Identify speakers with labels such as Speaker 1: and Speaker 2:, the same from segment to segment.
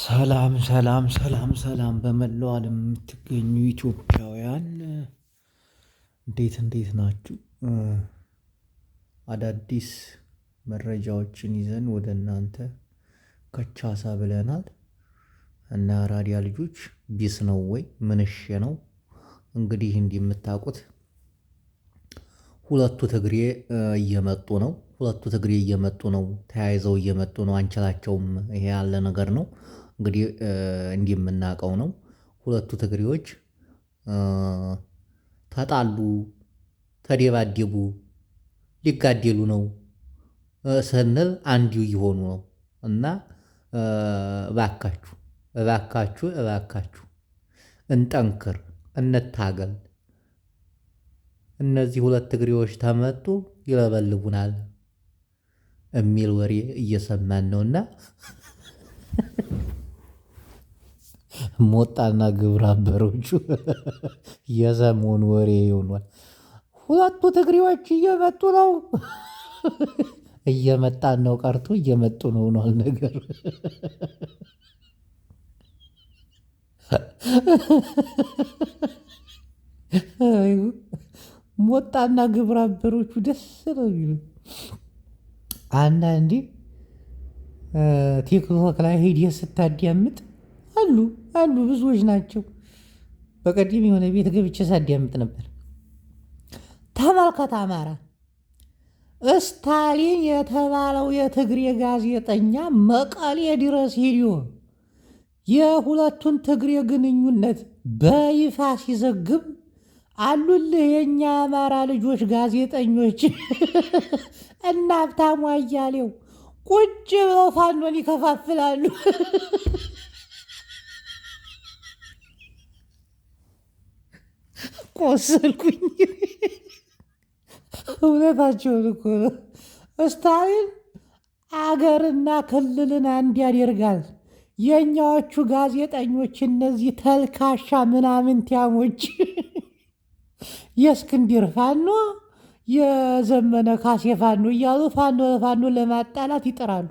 Speaker 1: ሰላም ሰላም ሰላም ሰላም በመላው ዓለም የምትገኙ ኢትዮጵያውያን እንዴት እንዴት ናችሁ? አዳዲስ መረጃዎችን ይዘን ወደ እናንተ ከቻሳ ብለናል እና ራዲያ ልጆች ቢስ ነው ወይ ምንሽ ነው? እንግዲህ እንዲህ ሁለቱ ትግሬ እየመጡ ነው። ሁለቱ ትግሬ እየመጡ ነው። ተያይዘው እየመጡ ነው። አንችላቸውም። ይሄ ያለ ነገር ነው። እንግዲህ እንዲህ የምናውቀው ነው ሁለቱ ትግሬዎች ተጣሉ፣ ተደባደቡ፣ ሊጋደሉ ነው ስንል አንዱ እየሆኑ ነው እና እባካችሁ እባካችሁ እባካችሁ እንጠንክር፣ እንታገል። እነዚህ ሁለት ትግሬዎች ተመጡ ይለበልቡናል የሚል ወሬ እየሰማን ነውና ሞጣና ግብረ አበሮቹ የሰሞኑ ወሬ ሆኗል። ሁለቱ ትግሬዎች እየመጡ ነው፣ እየመጣን ነው ቀርቶ እየመጡ ነው ሆኗል ነገር ሞጣና ግብረ አበሮቹ ደስ ነው የሚሉ አንዳንዴ ቲክቶክ ላይ ሄድ ስታዳምጥ አሉ አሉ ብዙዎች ናቸው። በቀደም የሆነ ቤት ገብቼ ሳዳምጥ ነበር። ተመልከት አማራ ስታሊን የተባለው የትግሬ ጋዜጠኛ መቀሌ ድረስ ሂዶ የሁለቱን ትግሬ ግንኙነት በይፋ ሲዘግብ አሉልህ የእኛ አማራ ልጆች ጋዜጠኞች እና ሀብታሙ አያሌው ቁጭ ብለው ፋኖን ይከፋፍላሉ። ቆሰልኩኝ። እውነታቸውን እኮ ነው። ስታሊን አገርና ክልልን አንድ ያደርጋል። የእኛዎቹ ጋዜጠኞች እነዚህ ተልካሻ ምናምን ቲያሞች የእስክንድር ፋኖ የዘመነ ካሴ ፋኖ እያሉ ፋኖ ፋኖ ለማጣላት ይጥራሉ።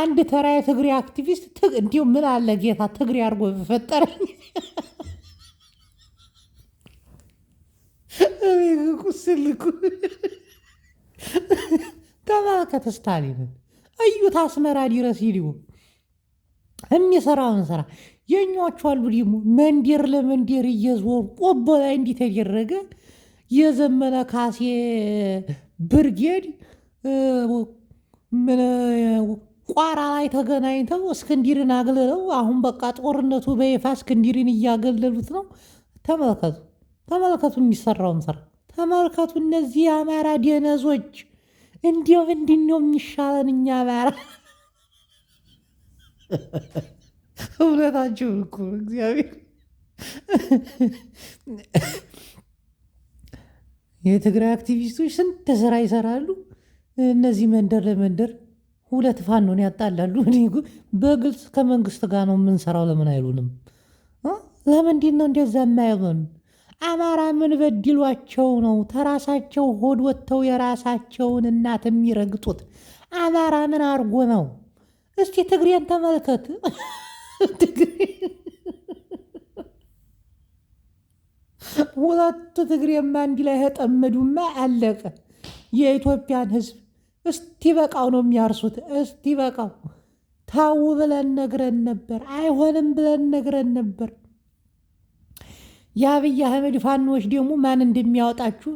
Speaker 1: አንድ ተራ የትግሬ አክቲቪስት እንዲሁም ምን አለ ጌታ ትግሬ አድርጎ በፈጠረኝ ቁስልኩ ተመልከት፣ ስታሊንን እዩት። አስመራ ድረስ ሂዱ የሚሰራውን ስራ የኛዎቹ አሉ ደግሞ መንደር ለመንደር እየዞሩ ቆቦ ላይ የዘመነ ካሴ ብርጌድ ቋራ ላይ ተገናኝተው አግልለው አሁን በቃ ጦርነቱ በይፋ እያገለሉት ነው። ተመልከቱ። ተመልከቱ የሚሰራውን ስራ ተመልከቱ። እነዚህ የአማራ ደነዞች እንዲያው እንዲህ ነው የሚሻለን እኛ አማራ። እውነታችሁን እኮ እግዚአብሔር የትግራይ አክቲቪስቶች ስንት ስራ ይሰራሉ። እነዚህ መንደር ለመንደር ሁለት ፋኖን ያጣላሉ። በግልጽ ከመንግስት ጋር ነው የምንሰራው። ለምን አይሉንም? ለምንድን ነው እንደዛ የማይሆን? አማራ ምን በድሏቸው ነው ተራሳቸው ሆድ ወጥተው የራሳቸውን እናት የሚረግጡት? አማራ ምን አርጎ ነው? እስቲ ትግሬን ተመልከት። ሁለቱ ትግሬማ እንዲህ ላይ ተጠመዱማ፣ አለቀ። የኢትዮጵያን ሕዝብ እስቲ በቃው ነው የሚያርሱት። እስቲ በቃው ታው ብለን ነግረን ነበር፣ አይሆንም ብለን ነግረን ነበር። የአብይ አህመድ ፋኖዎች ደግሞ ማን እንደሚያወጣችሁ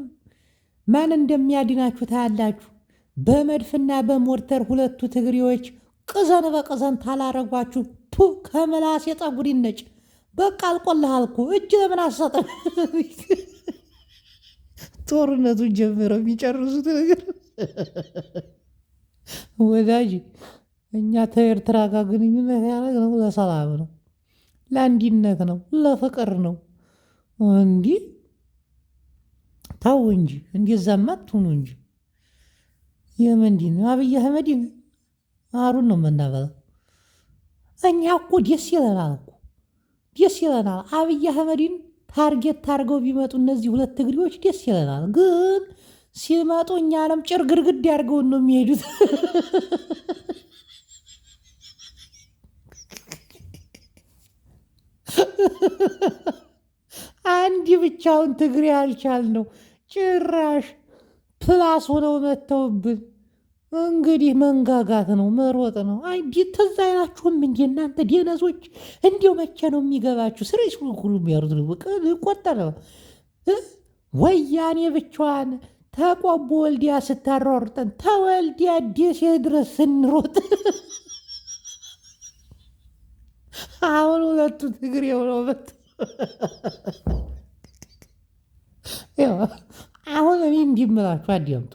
Speaker 1: ማን እንደሚያድናችሁ ታያላችሁ። በመድፍና በሞርተር ሁለቱ ትግሬዎች ቅዘን በቅዘን ታላረጓችሁ። ፑ ከመላስ የጸጉር ይነጭ። በቃ አልቆልሃል እኮ እጅ ለምን አሰጠ ጦርነቱን ጀምረው የሚጨርሱት ነገር ወዳጅ፣ እኛ ተኤርትራ ጋር ግንኙነት ያደረግነው ለሰላም ነው፣ ለአንድነት ነው፣ ለፍቅር ነው። እንዲህ ተው እንጂ እንደዛማ አትሁኑ እንጂ። የምንድን ነው አብይ አህመድን አሩን ነው የምናበላው እኛ እኮ ደስ ይለናል እኮ ደስ ይለናል። አብይ አህመድን ታርጌት ታርገው ቢመጡ እነዚህ ሁለት ትግሪዎች ደስ ይለናል። ግን ሲመጡ እኛ አለም ጭርግርግድ ግርግድ ነው የሚሄዱት። አንድ ብቻውን ትግሬ ያልቻል ነው ጭራሽ ፕላስ ሆነው መጥተውብን። እንግዲህ መንጋጋት ነው መሮጥ ነው። አይ ትዝ አይላችሁም እንዲ እናንተ ዴነዞች እንዲው መቼ ነው የሚገባችሁ? ስሬስ ሁሉ ያሩት የሚያሩት ቆጠረ ወያኔ ብቻዋን ተቆቦ ወልዲያ ስታሯርጠን ተወልዲያ ደሴ ድረስ ስንሮጥ አሁን ሁለቱ ትግሬ ሆነው መጥ አሁን እኔ እንዲምላችሁ አዲያምጡ።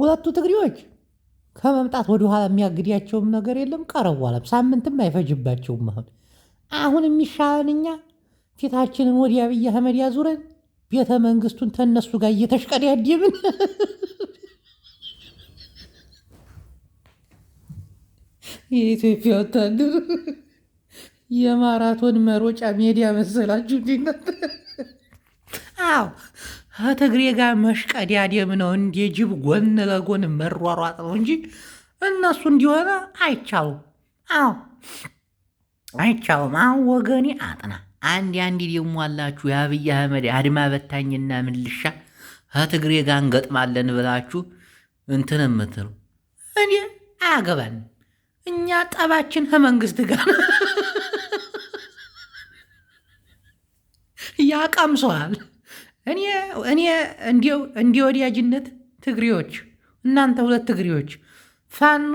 Speaker 1: ሁለቱ ትግሪዎች ከመምጣት ወደኋላ የሚያግዳቸውም ነገር የለም። ቀረቧለም ሳምንትም አይፈጅባቸውም። አሁን አሁን የሚሻለን እኛ ፊታችንን ወደ አብይ አህመድ ያዙረን ቤተ መንግስቱን ተነሱ ጋር እየተሽቀዳደምን የኢትዮጵያ ወታደር የማራቶን መሮጫ ሜዳ መሰላችሁ? እንዲነት አዎ፣ ከትግሬ ጋር መሽቀዳደም ነው። እንዴ? ጅብ ጎን ለጎን መሯሯጥ ነው እንጂ እነሱ እንዲሆነ አይቻሉም። አዎ፣ አይቻሉም። አሁን ወገኔ አጥና አንድ አንድ ደግሞ አላችሁ የአብይ አህመድ አድማ በታኝና ምልሻ ከትግሬ ጋር እንገጥማለን ብላችሁ እንትን የምትሉ እኔ አያገባን። እኛ ጠባችን ከመንግስት ጋር ያቀምሰዋል። እኔ እንዲህ ወዲያጅነት ትግሬዎች፣ እናንተ ሁለት ትግሬዎች ፋኖ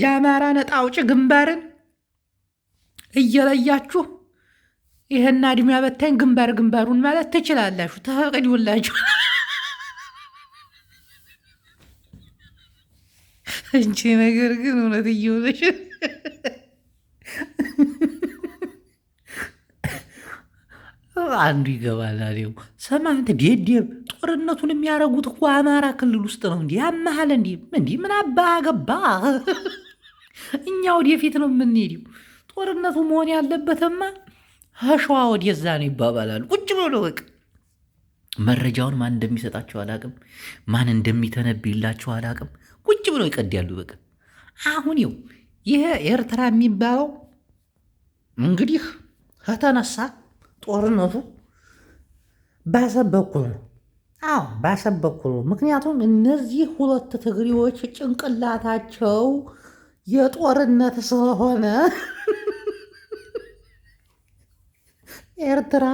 Speaker 1: የአማራ ነጣ አውጭ ግንባርን እየለያችሁ ይህና እድሜ በታኝ ግንባር ግንባሩን ማለት ትችላላችሁ። ተፈቅድውላችሁ እንጂ ነገር ግን እውነት እየሆነች አንዱ ይገባናል። ይኸው ሰማህ እንትን ደደብ ጦርነቱን የሚያደርጉት እኮ አማራ ክልል ውስጥ ነው። እንዲህ ያመሃል እንዲህ እንዲህ ምን አባህ ገባህ? እኛ ወደፊት ነው የምንሄደው። ጦርነቱ መሆን ያለበትማ ሸዋ ወደዛ ነው ይባባላሉ። ቁጭ ብሎ በቃ መረጃውን ማን እንደሚሰጣቸው አላቅም፣ ማን እንደሚተነብላቸው አላቅም። ቁጭ ብሎ ይቀዳሉ። በቃ አሁን ይኸው ይሄ ኤርትራ የሚባለው እንግዲህ ከተነሳ ጦርነቱ ባሰብ በኩል ነው። አዎ ባሰብ በኩል ነው። ምክንያቱም እነዚህ ሁለት ትግሪዎች ጭንቅላታቸው የጦርነት ስለሆነ ኤርትራ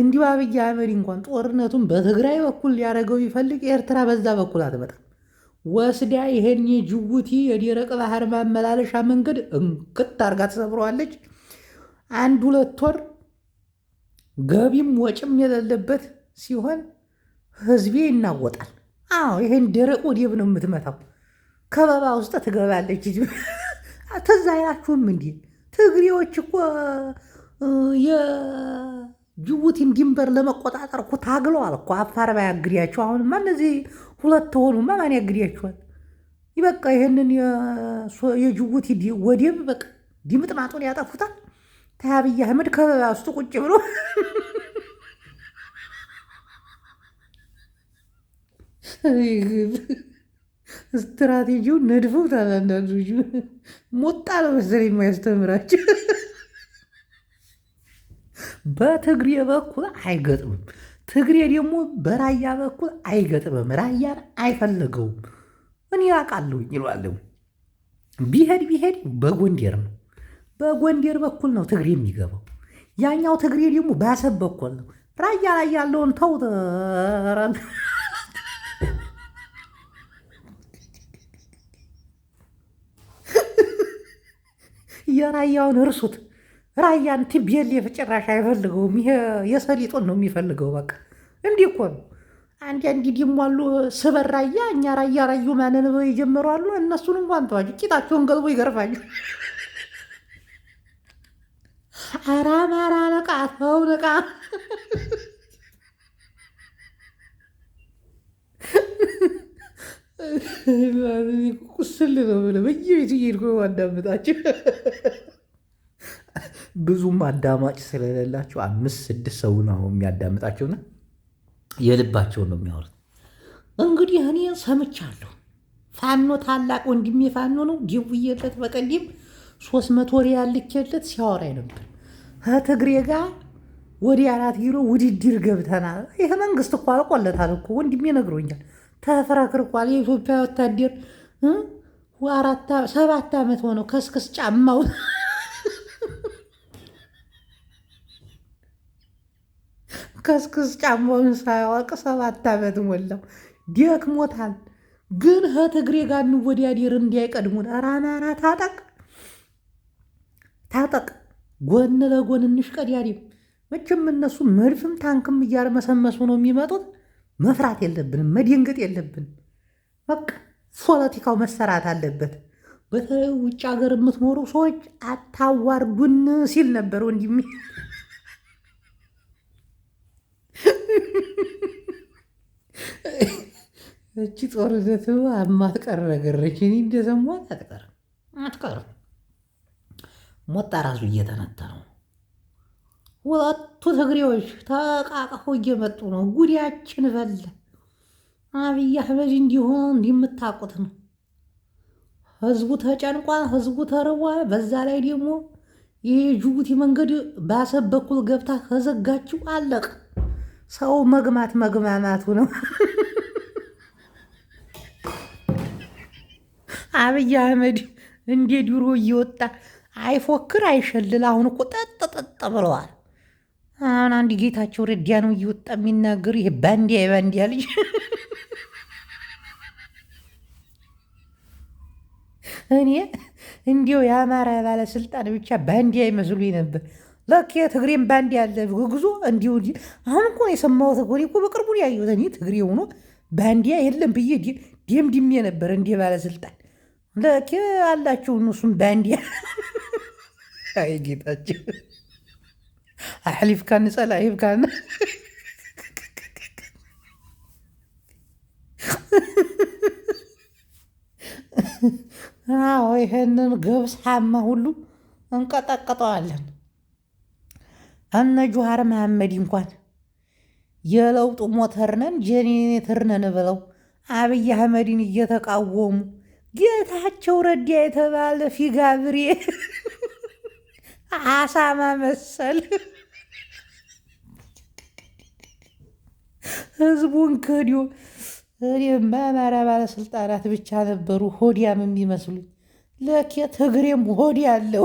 Speaker 1: እንዲሁ አብይ አህመድ እንኳን ጦርነቱን በትግራይ በኩል ሊያደርገው ቢፈልግ ኤርትራ በዛ በኩል አትመጣም። ወስዳ ይሄን የጅቡቲ የደረቅ ባህር ማመላለሻ መንገድ እንቅት አርጋ ተሰብረዋለች። አንድ ሁለት ወር ገቢም ወጭም የሌለበት ሲሆን ህዝቤ ይናወጣል። አዎ ይሄን ደረቅ ወደብ ነው የምትመታው። ከበባ ውስጥ ትገባለች። ትዝ አይላችሁም? እንዲህ ትግሬዎች እኮ የጅቡቲን ድንበር ለመቆጣጠር እኮ ታግለዋል እኮ። አፋር ባያግዳቸው አሁንማ እነዚህ ሁለት ሆኑማ ማን ያግዳቸዋል? በቃ ይህንን የጅቡቲ ወደብ በቃ ድምጥማጡን ያጠፉታል። አብይ አህመድ ከበባ ውስጥ ቁጭ ብሎ ስትራቴጂውን ነድፎ ታላንዳንዱ ሞጣ ለመሰለኝ የማያስተምራቸው በትግሬ በኩል አይገጥምም። ትግሬ ደግሞ በራያ በኩል አይገጥምም። ራያን አይፈለገውም። እኔ አውቃለሁ ይለዋለሁ። ቢሄድ ቢሄድ በጎንደር ነው በጎንደር በኩል ነው ትግሬ የሚገባው። ያኛው ትግሬ ደግሞ በአሰብ በኩል ነው። ራያ ላይ ያለውን ተው። የራያውን እርሱት። ራያን ቲቤሌፍ ጭራሽ አይፈልገውም። የሰሊጡን ነው የሚፈልገው። በቃ እንዲህ እኮ ነው። አንዳንድ ደግሞ አሉ ስበር ራያ እኛ ራያ ራዩ ማንን የጀመሩ አሉ። እነሱን እንኳን ተዋጅ ቂጣቸውን ገልቦ ይገርፋል። አራማራ አማራ ነቃ ተው ነቃ ቁስል ነው ብለህ በየቤቱ እየሄድኩ ነው ብዙም አዳማጭ ስለሌላቸው አምስት ስድስት ሰው ነው የሚያዳምጣቸውና የልባቸውን ነው የሚያወሩት። እንግዲህ እኔ ሰምቻለሁ። ፋኖ ታላቅ ወንድሜ ፋኖ ነው። ደውዬለት በቀደም ሶስት መቶ ሪያል ልኬለት ሲያወራ ነበር። ከትግሬ ጋር ወዲህ አራት ኪሎ ውድድር ገብተናል። ይህ መንግስት እኮ አልቆለታል እኮ ወንድሜ ነግሮኛል። ተፈረክርኳል። የኢትዮጵያ ወታደር ሰባት ዓመት ሆነው ከስክስ ጫማው ከስክስ ጫማውን ሳያወቅ ሰባት ዓመት ሞላው። ደክሞታል። ግን ከትግሬ ጋር እንወዳደር እንዲያይቀድሙን ኧረ አማራ ታጠቅ ታጠቅ ጎን ለጎን እንሽ ቀዳዲም መቼም እነሱ መድፍም ታንክም እያርመሰመሱ ነው የሚመጡት። መፍራት የለብንም፣ መደንገጥ የለብን። በቃ ፖለቲካው መሰራት አለበት። በተለይ ውጭ ሀገር የምትኖሩ ሰዎች አታዋርዱን ሲል ነበር ወንድሜ። እቺ ጦርነት አማትቀር ነገረች። እኔ እንደሰማት አትቀርም አትቀርም ሞጣ ራሱ ነው። ሁለቱ ትግሬዎች ተቃቅፈው እየመጡ ነው። ጉዲያችን በለ አብይ አህመድ እንዲሆን እንዲምታቁት ነው። ህዝቡ ተጨንቋል። ህዝቡ ተርቧል። በዛ ላይ ደግሞ የጅቡቲ መንገድ በአሰብ በኩል ገብታ ከዘጋችው አለቅ ሰው መግማት መግማማቱ ነው። አብይ አህመድ እንደ ድሮ እየወጣ አይፎክር አይሸልል። አሁን እኮ ጠጠጠጠ ብለዋል። አሁን አንድ ጌታቸው ረዳ ነው እየወጣ የሚናገር ይሄ ባንዲያ የባንዲያ ልጅ እኔ እንዲው የአማራ ባለስልጣን ብቻ ባንዲያ ይመስሉኝ ነበር። ለክ ትግሬን ባንዲያ አለ ጉዞ እንዲሁ አሁን እኮ የሰማሁት እኮ እኮ በቅርቡ ያየሁት እኔ ትግሬ ሆኖ ባንዲያ የለም ብዬ ደምድሜ ነበር። እንዲህ ባለስልጣን ለክ አላቸው እነሱም ባንዲያ አይ ጌታቸው አሕሊፍካ ንፀላ ሂብካ ይህንን ገብስ ሓማ ሁሉ እንቀጠቀጠዋለን። እነ ጁሃር መሐመድ እንኳን የለውጡ ሞተርነን ነን ብለው አብይ አህመድን እየተቃወሙ ጌታቸው ረዳ የተባለ ፊጋብሬ አሳማ መሰል ህዝቡን እኔ በአማራ ባለስልጣናት ብቻ ነበሩ ሆዲያም የሚመስሉኝ። ለኬት እግሬም ሆድ ያለው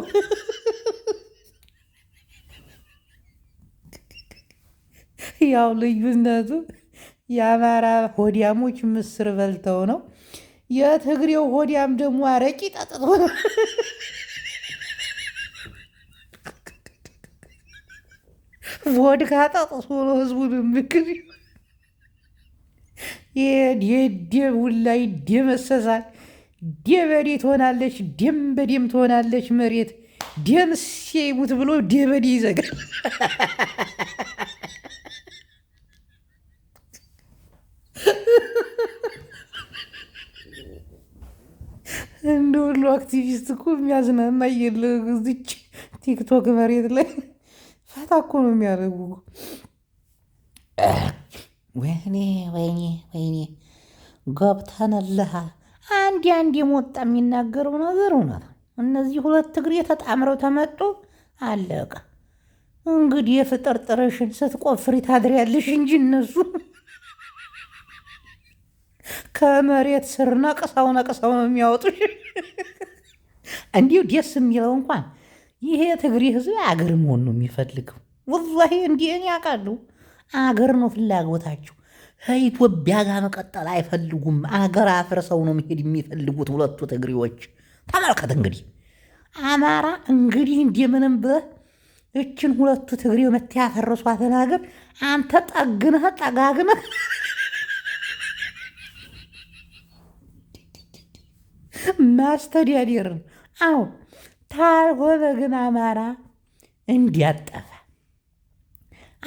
Speaker 1: ያው ልዩነቱ የአማራ ሆዲያሞች ምስር በልተው ነው። የትግሬው ሆዲያም ደግሞ አረቂ ጠጥቶ ነው። ቮድካ ጠጥቶ ነው ህዝቡን ምክር የደብ ውላይ ደመሰሳል። ደበዴ ትሆናለች፣ ደም በደም ትሆናለች መሬት። ደም ሲሙት ብሎ ደበዴ ይዘጋል። እንደ ሁሉ አክቲቪስት እኮ የሚያዝናና የለ ቲክቶክ መሬት ላይ ደስታ እኮ ነው የሚያደርጉ። ወይኔ ወይኔ ወይኔ ገብተንልሃ። አንድ አንድ የሞጣ የሚናገረው ነገር እውነት ነው። እነዚህ ሁለት እግሬ ተጣምረው ተመጡ፣ አለቀ። እንግዲህ የፍጥርጥርሽን ስትቆፍሪ ታድሪያለሽ እንጂ እነሱ ከመሬት ስር ነቅሰው ነቅሰው ነው የሚያወጡሽ። እንዲሁ ደስ የሚለው እንኳን ይሄ ትግሪ ህዝብ አገር መሆን ነው የሚፈልገው። ወላሂ እንዲህ እኔ አውቃለሁ። አገር ነው ፍላጎታቸው። ከኢትዮጵያ ጋር መቀጠል አይፈልጉም። አገር አፍርሰው ነው መሄድ የሚፈልጉት ሁለቱ ትግሪዎች። ተመልከት እንግዲህ አማራ እንግዲህ እንደምንም ብለህ እችን ሁለቱ ትግሪ ያፈረሷትን ሀገር አንተ ጠግነህ ጠጋግነህ ማስተዳደርን አሁን ታልሆነ ግን አማራ እንዲያጠፋ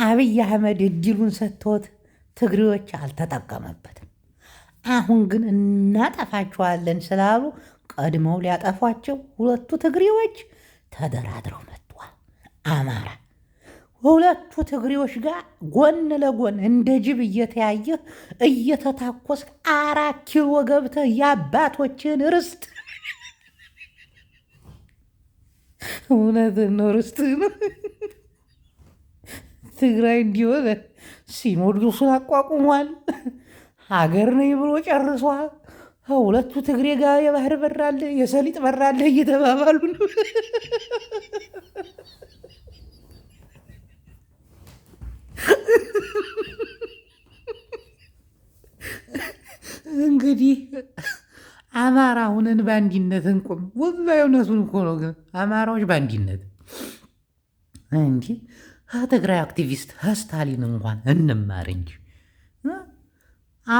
Speaker 1: አብይ አህመድ እድሉን ሰጥቶት ትግሬዎች አልተጠቀመበትም። አሁን ግን እናጠፋችኋለን ስላሉ ቀድመው ሊያጠፏቸው ሁለቱ ትግሬዎች ተደራድረው መጥቷል። አማራ ሁለቱ ትግሬዎች ጋር ጎን ለጎን እንደ ጅብ እየተያየ እየተታኮስ አራት ኪሎ ገብተህ የአባቶችን ርስት እውነት ነው ነው ትግራይ እንዲሆነ ሲኖዶሱን አቋቁሟል። ሀገር ነኝ ብሎ ጨርሷል። ሁለቱ ትግሬ ጋር የባህር በራለ የሰሊጥ በራለ እየተባባሉ ነው። እንግዲህ አማራ ሁነን በአንድነት እንቁም። ወላሂ እውነቱን እኮ ነው። ግን አማራዎች በአንድነት እንጂ ትግራይ አክቲቪስት ስታሊን እንኳን እንማር እንጂ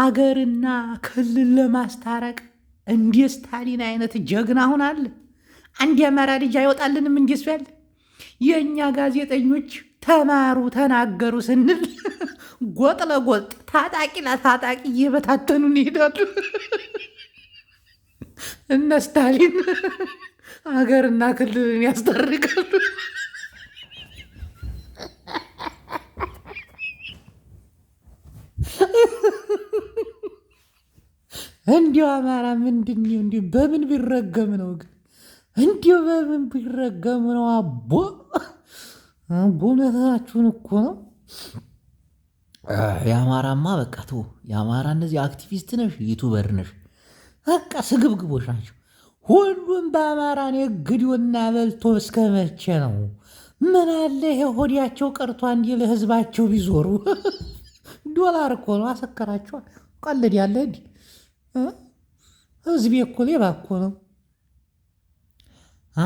Speaker 1: አገርና ክልል ለማስታረቅ እንደ ስታሊን አይነት ጀግና አሁን አለ። አንድ የአማራ ልጅ አይወጣልንም። እንዲ ሱ ያለ የእኛ ጋዜጠኞች ተማሩ ተናገሩ ስንል ጎጥ ለጎጥ ታጣቂ ለታጣቂ እየበታተኑን ይሄዳሉ። እነ ስታሊን ሀገርና ክልልን ያስታርቃሉ። እንዲሁ አማራ ምንድን እንዲ በምን ቢረገም ነው ግን እንዲሁ በምን ቢረገም ነው? አቦ አቦ እኮ ነው። የአማራማ በቃ ተው። የአማራ እነዚህ አክቲቪስት ነሽ፣ ዩቱበር ነሽ በቃ ስግብግቦች ናቸው። ሁሉም በአማራን የግዲውና በልቶ እስከ መቼ ነው? ምን አለ የሆዲያቸው ቀርቶ አንድ ለህዝባቸው ቢዞሩ። ዶላር እኮ ነው። አሰከራቸዋል። ቀልድ ያለ እንዲህ ህዝቤ እኮ ሌባ እኮ ነው።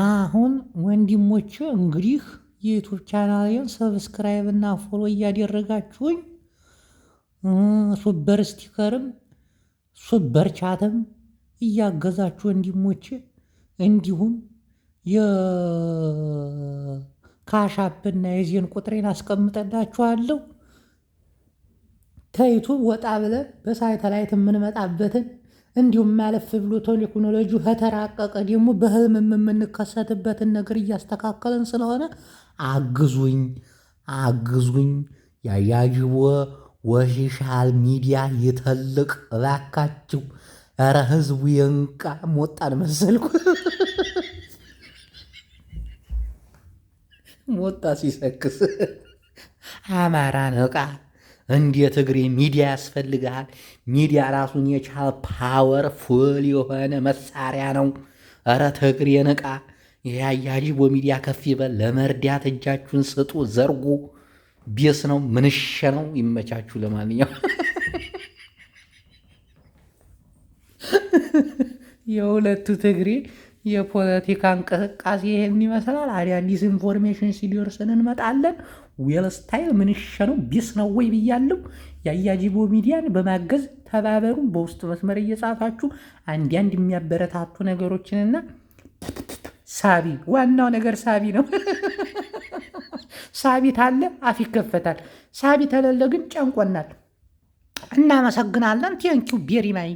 Speaker 1: አሁን ወንድሞች እንግዲህ የዩቱብ ቻናሌን ሰብስክራይብ እና ፎሎ እያደረጋችሁኝ ሱበር ስቲከርም ሱበር ቻትም እያገዛችሁ ወንድሞቼ፣ እንዲሁም የካሻፕና የዜን ቁጥሬን አስቀምጠላችኋለሁ። ከዩቱብ ወጣ ብለን በሳተላይት የምንመጣበትን እንዲሁም ማለፍ ብሎ ቴክኖሎጂ ከተራቀቀ ደግሞ በህልም የምንከሰትበትን ነገር እያስተካከለን ስለሆነ አግዙኝ አግዙኝ። ያያጅቦ ወሽሻል ሚዲያ ይተልቅ እባካችሁ። ኧረ ህዝቡ የንቃ ሞጣን መሰልኩ። ሞጣ ሲሰክስ አማራ ነቃ። እንዴት እግሬ ሚዲያ ያስፈልግሃል? ሚዲያ ራሱን የቻለ ፓወር ፉል የሆነ መሳሪያ ነው። ኧረ ትግሬ ንቃ። የአያጅቦ ሚዲያ ከፍ ይበል። ለመርዳት እጃችሁን ስጡ፣ ዘርጉ። ቢስ ነው ምንሸ ነው። ይመቻችሁ። ለማንኛውም የሁለቱ ትግሪ የፖለቲካ እንቅስቃሴ ይህን ይመስላል። አዲስ ኢንፎርሜሽን ሲደርሰን እንመጣለን። ዌል ስታይል ምንሸ ነው ቢስ ነው ወይ ብያለው። የአያጂቦ ሚዲያን በማገዝ ተባበሩ። በውስጥ መስመር እየጻፋችሁ አንዳንድ የሚያበረታቱ ነገሮችንና ሳቢ፣ ዋናው ነገር ሳቢ ነው። ሳቢ ታለ አፍ ይከፈታል። ሳቢ ተለለ ግን ጨንቆናል። እናመሰግናለን። ቴንኪው ቤሪ ማይ